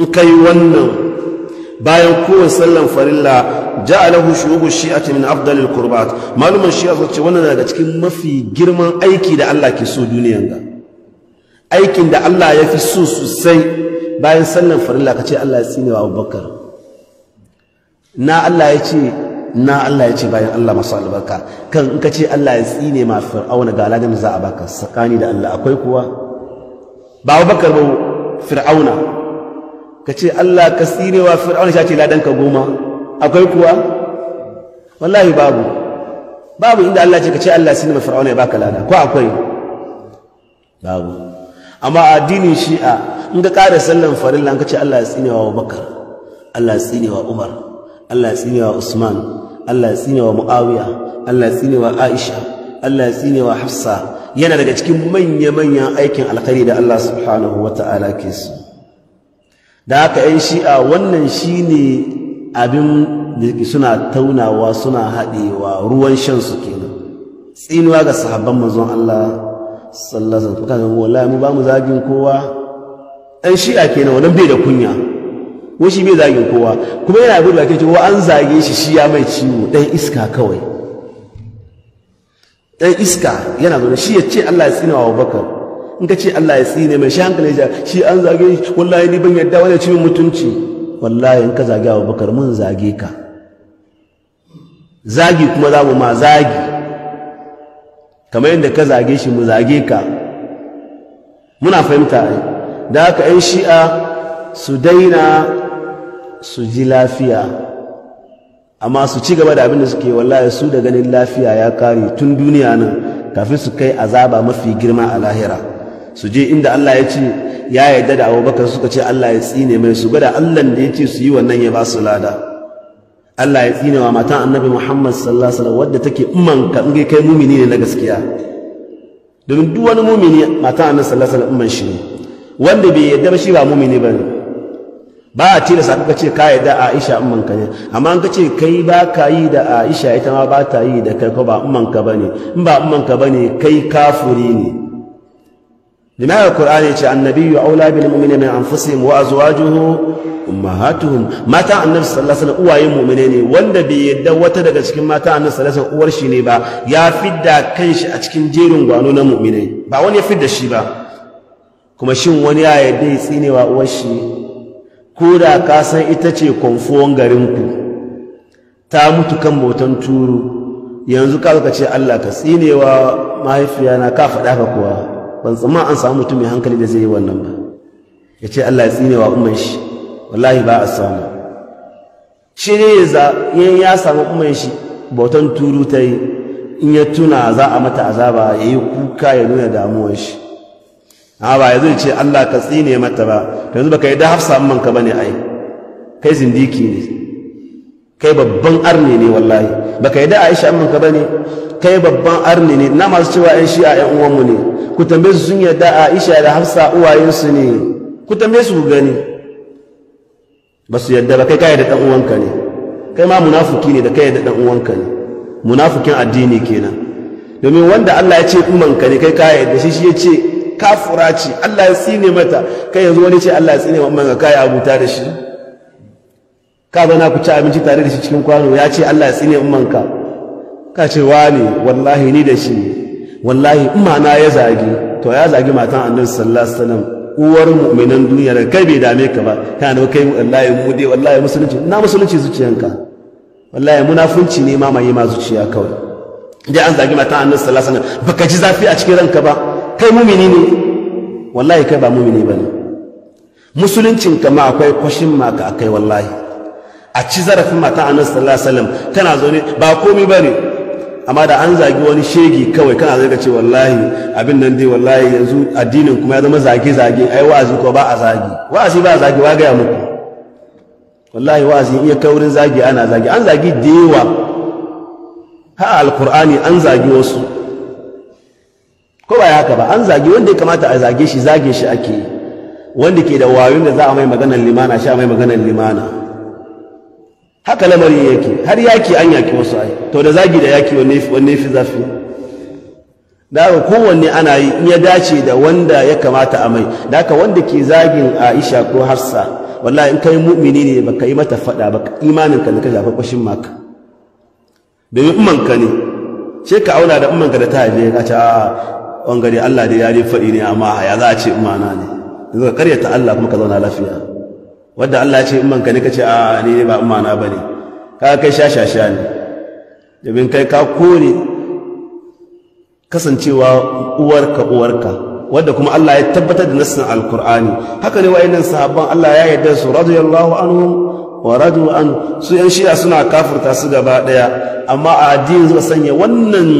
in ka yi wannan bayan kowane sallan farilla ja'alahu shu'ubu shi'ati min afdalil qurbat maluman shi'a sun ce wannan daga cikin mafi girman aiki da Allah ke so duniyan ga aikin da Allah ya fi so sosai bayan sallan farilla ka ce Allah ya tsine wa Abubakar na Allah ya ce na Allah ya ce bayan Allah masu albarka kan in ka ce Allah ya tsine ma fir'auna ga alagan za a baka sakani da Allah akwai kuwa ba Abubakar ba fir'auna ka ce Allah ka wa fir'auna shi ce ladanka goma akwai kuwa wallahi babu babu inda Allah ce ka ce Allah sinima fir'auna ya baka lada ko akwai babu amma addinin shi'a in ka ƙara sallan farilla ka ce Allah ya tsinewa wa bakar Allah ya wa umar Allah ya wa usman Allah ya wa muawiya Allah ya wa aisha Allah ya wa hafsa yana daga cikin manya-manyan aikin alkhairi da Allah subhanahu wa ta'ala ke su da haka yan shi'a wannan shi ne abin da suna taunawa suna haɗewa ruwan shan su kenan tsinuwa ga sahabban mazon Allah sallallahu alaihi wasallam wallahi mu ba mu zagin kowa ɗan shi'a kenan wannan bai da kunya shi bai zagin kowa kuma yana gudu ake cewa an zage shi shi ya mai ciwo ɗan iska kawai ɗan iska yana zo shi ya ce Allah ya tsinawa wa Bakar in ka ce Allah ya tsine mai shi hankali ja shi an zage shi wallahi ni ban yadda wani cimin mutunci wallahi in ka zage Abubakar mun zage ka zagi kuma za mu ma zagi kamar yadda ka zage shi mu zage ka muna fahimta da haka 'yan shi'a su daina su ji lafiya amma su ci gaba da abin da suke wallahi su da ganin lafiya ya kare tun duniya nan kafin su kai azaba mafi girma a lahira su je inda Allah ya ce ya yarda da Abubakar suka ce Allah ya tsine mai su gada Allah da ya ce su yi wannan ya ba su lada Allah ya tsine wa matan Annabi Muhammad sallallahu alaihi wasallam wadda take umman ka in kai mumini ne na gaskiya domin duk wani mumini matan Annabi sallallahu alaihi wasallam umman shi ne wanda bai yarda ba shi ba mumini ba ne ba a tilasta ka ce ka yarda Aisha umman ne amma an ka ce kai ba ka yi da Aisha ita ma ba ta yi da kai ko ba umman bane in ba umman bane kai kafuri ne لماذا القرآن يقول النبي أولى بالمؤمنين من أنفسهم وأزواجه أمهاتهم ما تاع النبي صلى الله عليه وسلم أوى المؤمنين وند بيد وتدق أشكن ما تاع النبي صلى الله عليه وسلم أورشي نبا يا فدا كنش أشكن جيرون وأنونا مؤمنين با بعون يفدا با كما شون آية دي سيني وأورشي كورا كاسا إتشي كونفون غريمكو تاموتو كم بوتن تورو yanzu ka الله كسيني وما tsinewa mahaifiyana ka faɗa ka ban tsamma an samu mutum mai hankali da zai yi wannan ba ya ce Allah ya tsine wa umman shi wallahi ba a samu shi ne ya ya samu umman shi bautan turu ta yi in ya tuna za a mata azaba ya yi kuka ya nuna damuwar shi amma ba yanzu ce Allah ka tsine mata ba yanzu baka yi da hafsa amman ka bane ai kai zindiki ne kai babban arne ne wallahi baka yi da Aisha amman ka bane kai babban arne ne na masu cewa ƴan shi'a ƴan uwanmu ne ku tambaye su sun yarda Aisha da Hafsa uwayensu ne ku tambaye su ku gani ba su yarda ba kai kayi da ɗan'uwanka uwanka ne kai ma munafuki ne da kai da ɗan'uwanka uwanka ne munafukin addini kenan domin wanda Allah ya ce umanka ne kai kayi da shi shi ya ce kafura ce Allah ya tsine mata kai yanzu wani ce Allah ya tsine mamman ka kai abuta da shi ka zauna ku ci abinci tare da shi cikin kwano ya ce Allah ya tsine mamman ka ce wani wallahi ni da shi wallahi in na ya zagi to ya zagi matan annabi sallallahu alaihi wasallam uwar mu'minan duniya da kai bai dame ka ba kana kai wallahi mu dai wallahi musulunci na musulunci zuciyanka wallahi munafunci ne ma mai ma zuciya kawai dai an zagi matan annabi sallallahu alaihi wasallam baka ji zafi a cikin ranka ba kai mumini ne wallahi kai ba mumini bane musuluncin ka ma akwai kwashin maka akai wallahi a ci zarafin matan annabi sallallahu alaihi wasallam tana zo ne ba komai bane amma da an zagi wani shegi kawai kana zai ka ce wallahi abin nan dai wallahi yanzu addinin kuma ya zama zage zage ai wa'azi ko ba a zagi wa'azi ba a zagi wa gaya muku wallahi wa'azi iya kaurin zage ana zage. an zagi da yawa ha alqur'ani an zagi wasu ko ba haka ba an zagi wanda ya kamata a zage shi zage shi ake wanda ke da wayoyin da za a mai maganar limana sha mai maganar limana haka lamarin yake har yaki an yaki wasu ai to da zagi da yaki wanne fi zafi da haka kowanne ana yi in ya dace da wanda ya kamata a mai da ka wanda ke zagin aisha ko hafsa wallahi in kai mu'mini ne baka yi mata fada ba imanin ka ne ka jafa kwashin maka yi umman ka ne she ka auna da umman ka da ta haife ka ce a wangare Allah da yi faɗi ne amma ya za a ce umma na ne yanzu ka karyata Allah kuma ka zauna lafiya wadda Allah ce in ka ne ka ce a ni ne ba in mana ba ne ka kai shashasha ne domin kai ka kore kasancewa uwarka uwarka wadda kuma Allah ya tabbatar da nassin alkur'ani haka ne wa'annan sahabban Allah ya yarda su radiyallahu anhum wa radu an su yan shi'a suna kafurta su gaba daya amma a addini suka sanya wannan